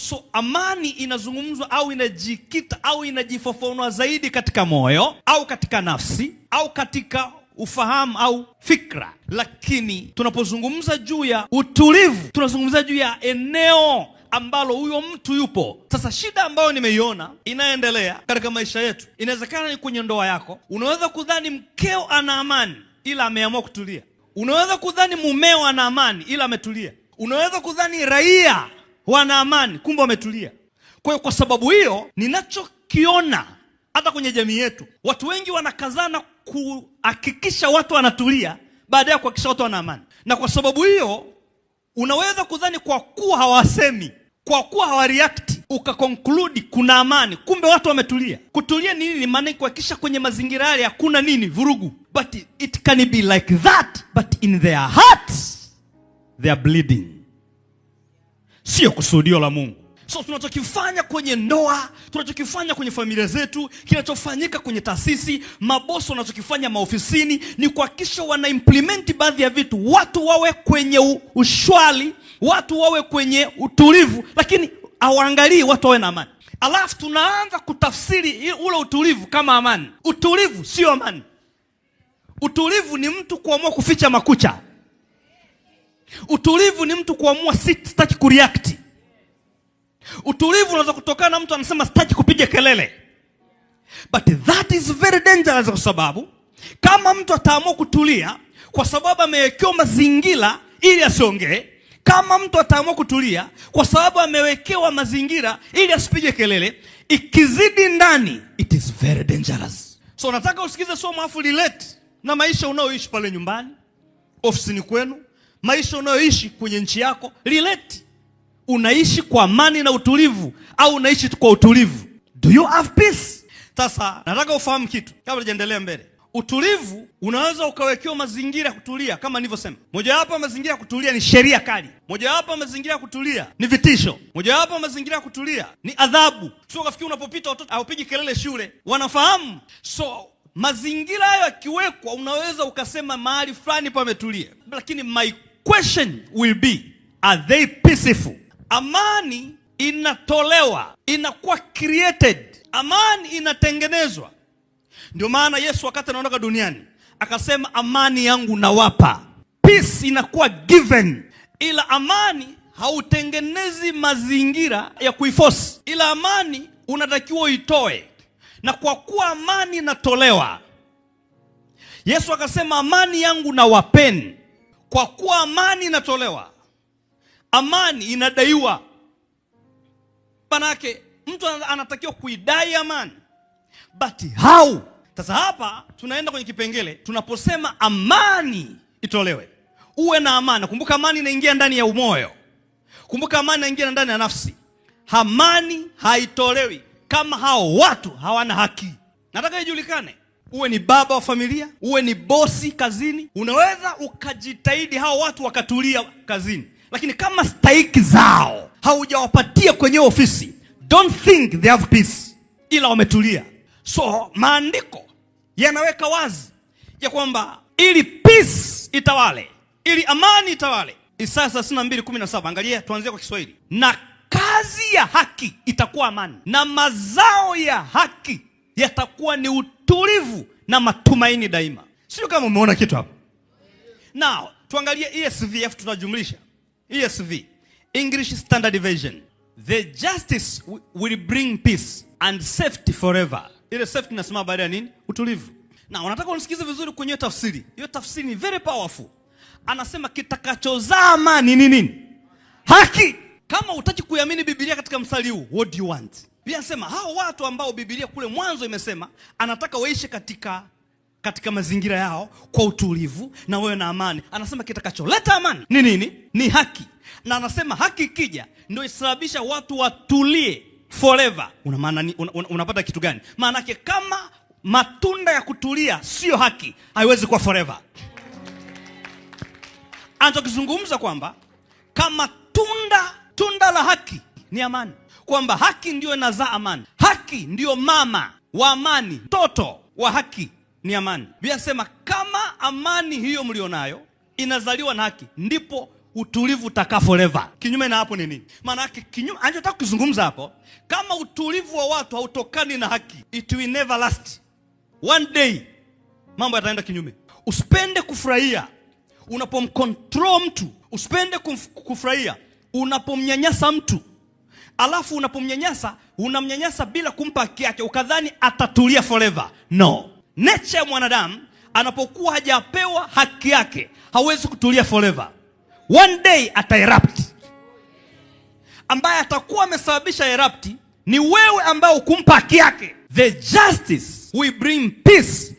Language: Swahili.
So amani inazungumzwa au inajikita au inajifafanua zaidi katika moyo au katika nafsi au katika ufahamu au fikra, lakini tunapozungumza juu ya utulivu tunazungumza juu ya eneo ambalo huyo mtu yupo. Sasa shida ambayo nimeiona inaendelea katika maisha yetu, inawezekana ni kwenye ndoa yako. Unaweza kudhani mkeo ana amani, ila ameamua kutulia. Unaweza kudhani mumeo ana amani, ila ametulia. Unaweza kudhani raia wana amani, kumbe wametulia. Kwa hiyo kwa sababu hiyo, ninachokiona hata kwenye jamii yetu, watu wengi wanakazana kuhakikisha watu wanatulia baada ya kuhakikisha watu wana amani, na kwa sababu hiyo unaweza kudhani kwa kuwa hawasemi, kwa kuwa hawareact ukakonkludi kuna amani, kumbe watu wametulia. Kutulia ni nini? Maana kuhakikisha kwenye mazingira yale hakuna nini, vurugu. But it can be like that but in their hearts they are bleeding sio kusudio la Mungu. So tunachokifanya kwenye ndoa, tunachokifanya kwenye familia zetu, kinachofanyika kwenye taasisi, maboso wanachokifanya maofisini, ni kuhakikisha wanaimplimenti baadhi ya vitu, watu wawe kwenye ushwali watu wawe kwenye utulivu, lakini hawaangalii watu wawe na amani. Alafu tunaanza kutafsiri ule utulivu kama amani. Utulivu sio amani. Utulivu ni mtu kuamua kuficha makucha. Utulivu ni mtu kuamua sitaki kureact. Utulivu unaweza kutokana na mtu anasema sitaki kupiga kelele, but that is very dangerous, kwa sababu kama mtu ataamua kutulia kwa sababu amewekewa mazingira ili asiongee, kama mtu ataamua kutulia kwa sababu amewekewa mazingira ili asipige kelele, ikizidi ndani, it is very dangerous. So nataka usikize somo afu relate na maisha unaoishi pale nyumbani, ofisini kwenu maisha unayoishi kwenye nchi yako relate. Unaishi kwa amani na utulivu au unaishi kwa utulivu? Do you have peace? Sasa nataka ufahamu kitu kabla tujaendelea mbele. Utulivu unaweza ukawekewa mazingira ya kutulia, kama nilivyosema. Mojawapo ya mazingira ya kutulia ni sheria kali, mojawapo ya mazingira ya kutulia ni vitisho, mojawapo ya mazingira ya kutulia ni adhabu. Sio kafikiri unapopita watoto haupigi kelele shule, wanafahamu. So mazingira hayo yakiwekwa, unaweza ukasema mahali fulani pametulia, lakini my question will be are they peaceful? Amani inatolewa, inakuwa created, amani inatengenezwa. Ndio maana Yesu wakati anaondoka duniani akasema, amani yangu nawapa. Peace inakuwa given, ila amani hautengenezi mazingira ya kuifosi ila amani unatakiwa uitoe, na kwa kuwa amani inatolewa, Yesu akasema, amani yangu nawapeni kwa kuwa amani inatolewa, amani inadaiwa. Manake mtu anatakiwa kuidai amani, but how? Sasa hapa tunaenda kwenye kipengele tunaposema amani itolewe, uwe na amani. Kumbuka amani inaingia ndani ya umoyo, kumbuka amani inaingia ndani ya nafsi. Amani haitolewi kama hao watu hawana haki. Nataka ijulikane uwe ni baba wa familia, uwe ni bosi kazini. Unaweza ukajitahidi hao watu wakatulia kazini, lakini kama stahiki zao haujawapatia kwenye ofisi, don't think they have peace, ila wametulia. So maandiko yanaweka wazi ya kwamba ili peace itawale, ili amani itawale. Isaya 32:17, angalia, tuanzie kwa Kiswahili. Na kazi ya haki itakuwa amani, na mazao ya haki yatakuwa ni utulivu na matumaini daima. Sio kama umeona kitu hapo. Now, tuangalie ESV tunajumlisha. ESV, English Standard Version. The justice will bring peace and safety forever. Ile safety nasema baada ya nini? Utulivu. Na unataka unisikize vizuri kwenye hiyo tafsiri. Hiyo tafsiri ni very powerful. Anasema kitakachozaa amani ni nini? Haki. Kama utaki kuiamini Biblia katika mstari huu, what do you want? Biblia inasema hao watu ambao Biblia kule mwanzo imesema anataka waishi katika katika mazingira yao kwa utulivu na wewe na amani. Anasema kitakacholeta amani ni nini? Ni haki. Na anasema haki ikija ndio isababisha watu watulie forever. Una maana ni un, un, unapata kitu gani? Maana kama matunda ya kutulia sio haki, haiwezi kuwa forever. Anachokizungumza kwamba kama tunda tunda la haki ni amani kwamba haki ndiyo inazaa amani, haki ndiyo mama wa amani. Mtoto wa haki ni amani. Biblia sema kama amani hiyo mlionayo inazaliwa na haki, ndipo utulivu utakaa forever. Kinyume na hapo ni nini? Maana yake kinyume, anachotaka kuzungumza hapo, kama utulivu wa watu hautokani na haki, it will never last. One day mambo yataenda kinyume. Usipende kufurahia unapomcontrol mtu, usipende kufurahia unapomnyanyasa mtu alafu unapomnyanyasa unamnyanyasa bila kumpa haki yake, ukadhani atatulia forever. No, nature ya mwanadamu anapokuwa hajapewa haki yake hawezi kutulia forever. One day ataerapt Ambaye atakuwa amesababisha erapti ni wewe ambaye ukumpa haki yake. The justice will bring peace